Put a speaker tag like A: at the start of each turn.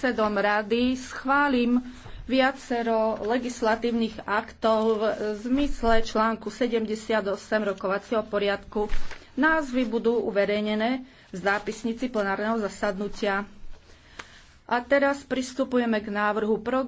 A: predsedom rady schválim viacero legislatívnych aktov v zmysle článku 78 rokovacieho poriadku. Názvy budú uverejnené v zápisnici plenárneho zasadnutia. A
B: teraz pristupujeme k návrhu programu.